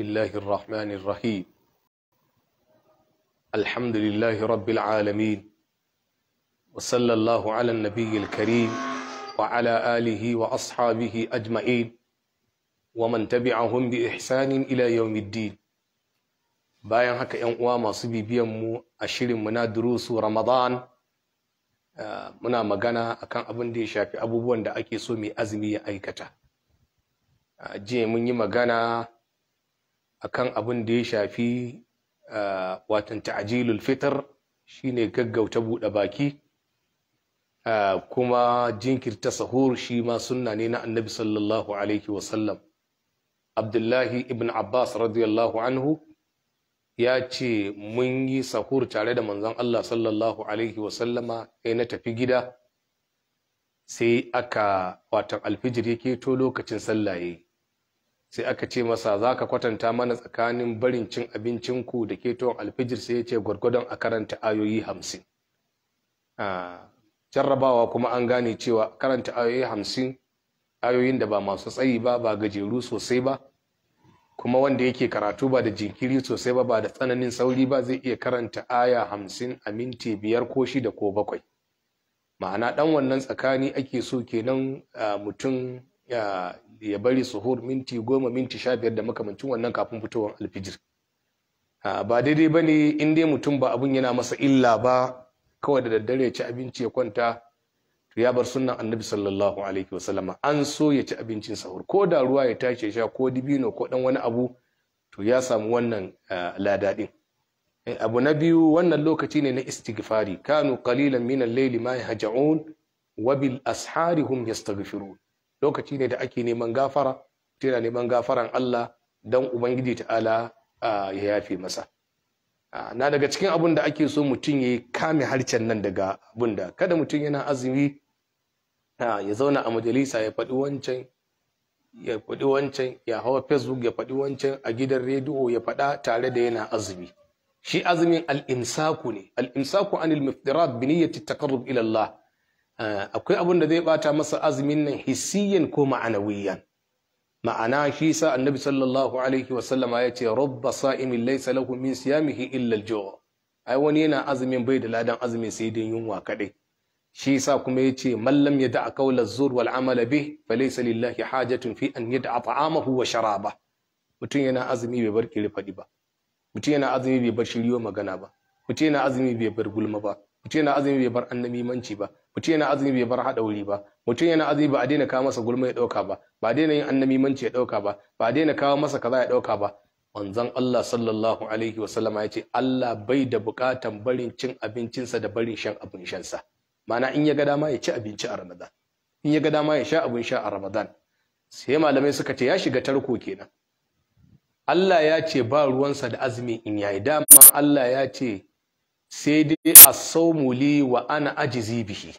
الله الرحمن الرحيم الحمد لله رب العالمين وصلى الله على النبي الكريم وعلى آله وأصحابه أجمعين ومن تبعهم بإحسان إلى يوم الدين bayan haka ‘yan uwa masu bibiyanmu a shirin na durusu ramadan eh, muna magana akan abin da ya shafi abubuwan da ake so mai azumi ya aikata eh, jiya mun yi magana akan abin da ya shafi ah, watan ta'ajilul fitr shine gaggauta buɗe baki ah, kuma jinkirta sahur shi ma sunna ne na annabi sallallahu alaihi wasallam abdullahi ibn abbas radiyallahu anhu ya ce mun yi sahur tare da manzon allah sallallahu alaihi wasallama sai na tafi gida sai aka watan alfijir ya to lokacin sallaye sai aka ce masa za ka kwatanta mana tsakanin barin cin abincinku da tuwon alfijir sai ya ce gwargwadon a karanta ayoyi hamsin jarrabawa kuma an gane cewa karanta ayoyi hamsin ayoyin da ba masu tsayi ba ba gajeru sosai ba kuma wanda yake karatu ba da jinkiri sosai ba ba da tsananin sauri ba zai iya karanta aya hamsin a minti biyar ko shida ko bakwai ma'ana ɗan wannan tsakani ake so kenan mutum ya bari suhur minti goma minti sha biyar da makamancin wannan kafin fitowar alfijir ba daidai ba ne in dai mutum ba abun yana masa illa ba kawai da daddare ya ci abinci ya kwanta to ya bar sunnan annabi sallallahu alaihi wasallama an so ya ci abincin sahur ko da ruwa ya tashi sha ko dibino ko dan wani abu to ya samu wannan lada ladadin eh, abu na biyu wannan lokaci ne na istighfari kanu qalilan min al-layli ma yahja'un wa bil ashari hum yastaghfirun lokaci ne da ake neman gafara yana neman gafaran Allah don ubangiji ta'ala ya yafe masa na daga cikin abin da ake so mutum ya kame harcen nan daga abin da kada mutum yana azumi ya zauna a majalisa ya faɗi wancan ya faɗi wancan ya hawa facebook ya faɗi wancan a gidan rediyo ya faɗa tare da yana azumi shi azumin al-imsaku ne al-imsaku anil muftirat bi niyyati taqarrub ila Allah Eh, akwai abin da zai bata masa azumin nan hissiyan ko ma'anawiyan ma'ana shi sa annabi sallallahu alaihi wa sallama ya ce rabba sa'imin laysa lahu min siyamihi illa al-ju' ai wani yana azumin bai da ladan azumi sai dai yunwa kadai shi sa kuma ya ce mallam ya da'a az zur wal amala bih fa laysa lillahi hajatun fi an yad'a ta'amahu wa sharaba mutum yana azumi bai bar kirfadi ba mutum yana azumi bai bar shiriyo magana ba mutum yana azumi bai bar gulma ba mutum yana azumi bai bar manci ba mutum yana azumi bai bar haɗa wuri ba mutum yana azumi ba a daina kawo masa gulma ya ɗauka ba ba a daina yin annamimanci ya ɗauka ba ba a daina kawo masa kaza ya ɗauka ba manzon Allah sallallahu alaihi wasallam ya ce Allah bai da buƙatan barin cin abincinsa da barin shan abin shansa mana in ya ga dama ya ci abinci a Ramadan in ya ga dama ya sha abin sha a Ramadan sai malamai suka ce ya shiga tarko kenan Allah ya ce ba ruwansa da azumi in yayi dama Allah ya ce sai dai a saumuli wa ana ajizi bihi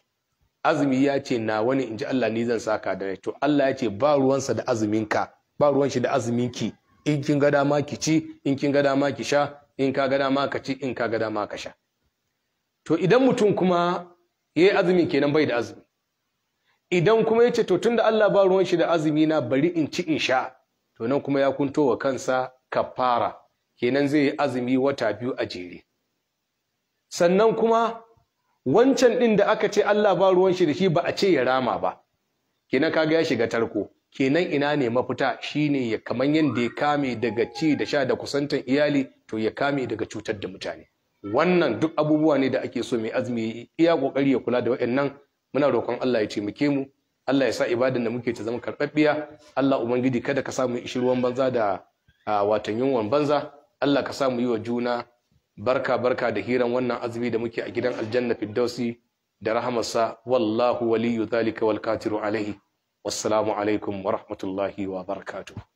azumi ya ce na wani in ji Allah ni zan saka da to Allah ya ce ba ruwansa da azuminka ba ruwan shi da azuminki in kin ga dama ki ci in kin ga dama ki sha in ka ga dama ka ci in ka ga dama ka sha to idan mutum kuma yayi azumi kenan bai da azumi idan kuma yace to tunda Allah ba ruwan shi da azumi na bari in ci in sha to nan kuma ya kunto wa kansa kafara kenan zai yi azumi wata biyu a jere sannan kuma wancan ɗin da aka ce Allah ba ruwan shi da shi ba a ce ya rama ba kenan kaga ya shiga tarko kenan ina ne mafita shine ya kaman yanda ya kame daga ci da sha da kusantan iyali to ya kame daga cutar da mutane wannan duk abubuwa ne da ake so mai azumi iya kokari ya kula da waɗannan muna roƙon Allah ya taimake mu Allah ya sa ibadan da muke ta zama karɓaɓɓiya Allah ubangiji kada ka samu ishirwan banza da watan yunwan banza Allah ka samu yi wa juna barka barka da hiran wannan azumi da muke a gidan aljanna firdausi da rahamarsa wallahu waliyu zalika wal qadiru alaihi wassalamu alaikum wa rahmatullahi wa barakatuh